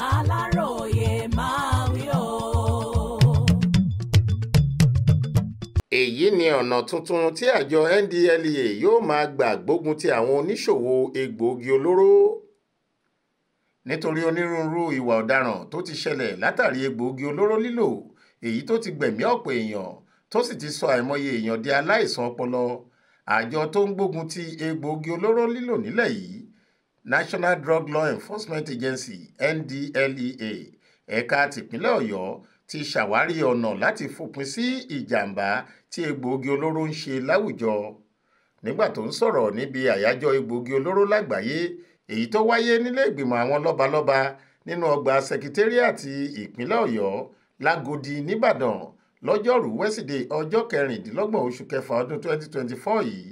aláròye máa wí o. èyí ni ọ̀nà tuntun tí àjọ NDLEA yóò máa gbà gbógun ti àwọn oníṣòwò egbòogi olóró nítorí onírúurú ìwà ọ̀daràn tó ti ṣẹlẹ̀ látàrí egbòogi olóró lílò èyí tó ti gbẹ̀mí ọ̀pọ̀ èèyàn tó sì ti sọ àìmọye èèyàn di aláìsàn ọpọlọ àjọ tó ń gbógun ti egbòogi olóró lílò nílẹ̀ yìí National Drug Law Enforcement Agency NDLEA ẹ̀ka tìpínlẹ̀ Ọ̀yọ́ ti ṣàwárí ọ̀nà láti fòpin sí ìjàmbá tí egbòogi olóró ń ṣe láwùjọ nígbà tó ń sọ̀rọ̀ níbi àyájọ́ egbòogi olóró lágbàáyé èyí tó wáyé nílé ìgbìmọ̀ àwọn lọ́balọ́ba nínú ọgbà sẹkítẹ́ríàtì ìpínlẹ̀ Ọ̀yọ́ lágòdì nìbàdàn lọ́jọ́rùú wẹ́sídẹ̀ẹ́ ọjọ́ kẹrìndínlọ́gbọ̀n oṣù kẹfà ọdún 2024 yìí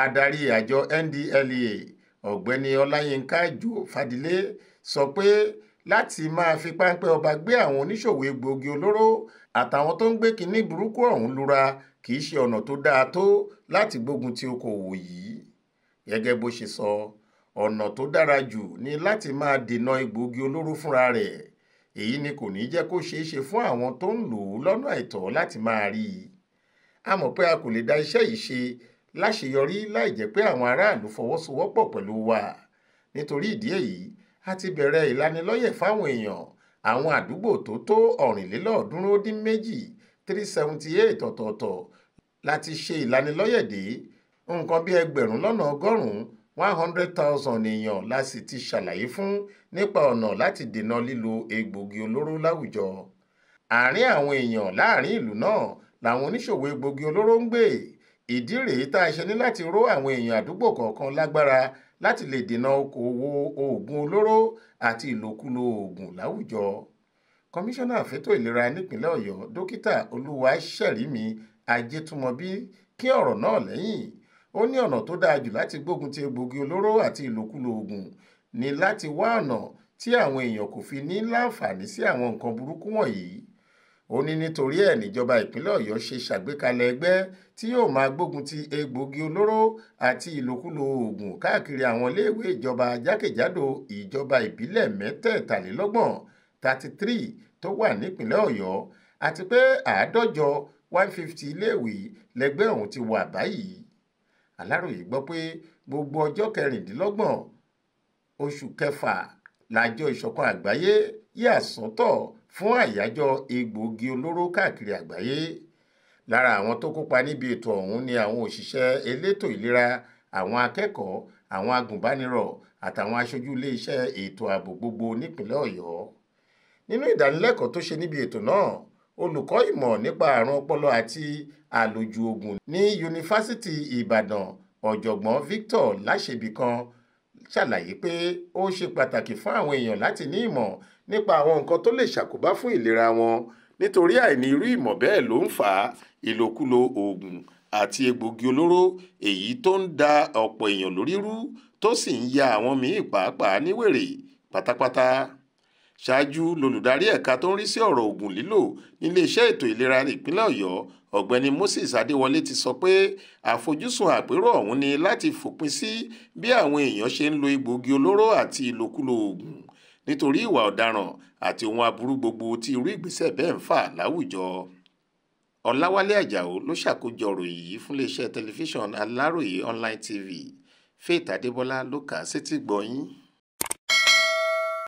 adarí àjọ NDLEA ọ̀gbẹ́ni ọláyínká àjò fadilé sọ pé láti máa fi páńpẹ́ ọba gbé àwọn oníṣòwò egbòogi olóró àtàwọn tó ń gbé kinní burúkú ọ̀hún lura kì í ṣe ọ̀nà tó dáa tó láti gbógun ti okòwò yìí gẹ́gẹ́ bó ṣe sọ ọ̀nà tó dára jù ni láti máa dènà egbòogi olóró fúnra rẹ̀ èyí ni kò ní jẹ́ kó ṣeé ṣe fún àwọn tó ń lò ó lọ́nà àìtọ́ láti máa rí i a mọ̀ pé a kò lè da iṣẹ́ yìí ṣe láṣeyọrí láì jẹ́ pé àwọn aráàlú fọwọ́sowọ́pọ̀ pẹ̀lú wa nítorí ìdí èyí a ti bẹ̀rẹ̀ ìlanilọ́yẹ̀ fáwọn èèyàn àwọn àdúgbò tó tó ọ̀rìnlélọ́ọ̀ọ́dúnrún ó dín méjì three seventy eight ọ̀tọ̀ọ̀tọ̀ láti ṣe ìlanilọ́yẹ̀ dé nǹkan bí ẹgbẹ̀rún lọ́nà ọgọ́rùn-ún one hundred thousand èèyàn la sì ti ṣàlàyé fún nípa ọ̀nà láti dènà lílo egbògi olóró láwùjọ. àárín àwọn èèyàn láàárín ìlú náà làwọn oníṣòwò egbògi olóró ń gbé ìdí rèé tá a ṣe ní láti ró àwọn èèyàn àdúgbò kọ̀ọ̀kan lágbára láti lè dènà okòwò oògùn olóró àti ìlòkulò oògùn láwùjọ kọmíṣánná fẹ́tò ìlera nípìnlẹ̀ ọ̀yọ́ dókítà olúwaṣẹ́rìmí ajétúmọ̀bí kí ọ̀rọ̀ náà lẹ́yìn ó ní ọ̀nà tó dáa jù láti gbógun ti egbògi olóró àti ìlòkulò oògùn ni láti wá ọ̀nà tí àwọn èèyàn kò fi ní láǹfààní sí àwọn nǹkan burúkú wọ̀nyí ó ní nítorí ẹ̀ níjọba ìpínlẹ̀ ọ̀yọ́ ṣe ṣàgbékalẹ̀ ẹgbẹ́ tí yóò máa gbógun ti egbòogi olóró àti ìlòkulò oògùn káàkiri àwọn iléèwé ìjọba jákèjádò ìjọba ìbílẹ̀ mẹ́tẹ̀ẹ̀tàlélọ́gbọ̀n thirty three tó wà nípínlẹ̀ ọ̀yọ́ àti pé àádọ́jọ one fifty iléèwé lẹgbẹ́ ọ̀hún ti wà báyìí aláròye gbọ́ pé gbogbo ọjọ́ kẹrìndínlọ́gbọ̀n oṣù kẹfà lájọ ìṣọ̀kan àgbáyé yà sọ́tọ̀ fún àyájọ́ egbòogi olóró káàkiri àgbáyé lára àwọn tó kópa níbi ètò ọ̀hún ni àwọn òṣìṣẹ́ elétò ìlera àwọn akẹ́kọ̀ọ́ àwọn agùnbánirọ̀ àtàwọn aṣojú iléeṣẹ́ ètò ààbò gbogbo nípínlẹ̀ ọ̀yọ́ nínú ìdánilẹ́kọ̀ọ́ tó ṣe níbi ètò náà olùkọ́ ìmọ̀ nípa àrùn ọpọlọ àti àlòjù oògùn ní yunifásitì ìbàdàn ọ̀jọ̀gbọ́n victor láṣẹbìkan ṣàlàyé pé ó ṣe pàtàkì fún àwọn èèyàn láti ní ìmọ̀ nípa àwọn nǹkan tó lè ṣàkóbá fún ìlera wọn nítorí àìní irú ìmọ̀ bẹ́ẹ̀ ló ń fa ìlòkulò oògùn àti egbògi olóró èyí tó ń da ọ̀pọ̀ èèyàn lórí rú tó sì ń ya àwọn míì pàápàá níwèrè pátápátá ṣáájú lolùdarí ẹ̀ka tó ń rí sí ọ̀rọ̀ oògùn lílò níléeṣẹ́ ètò ìlera ìpínlẹ̀ ọ̀yọ́ ọ̀gbẹ́ni moses adéwọlé ti sọ pé àfojúsùn àpérò ọ̀hún ni láti fòpin sí bí àwọn èèyàn ṣe ń lo egbòogi olóró àti ìlòkulò oògùn nítorí ìwà ọ̀daràn àti ohun aburú gbogbo tí irú ìgbésẹ̀ bẹ́ẹ̀ ń fà láwùjọ ọ̀làwálé àjàó ló ṣàkójọ ọ̀rọ̀ yìí fún iléeṣẹ́ tẹlifíṣàn aláròye online tv faith adébọlá ló kà á sétí gbọ̀yìn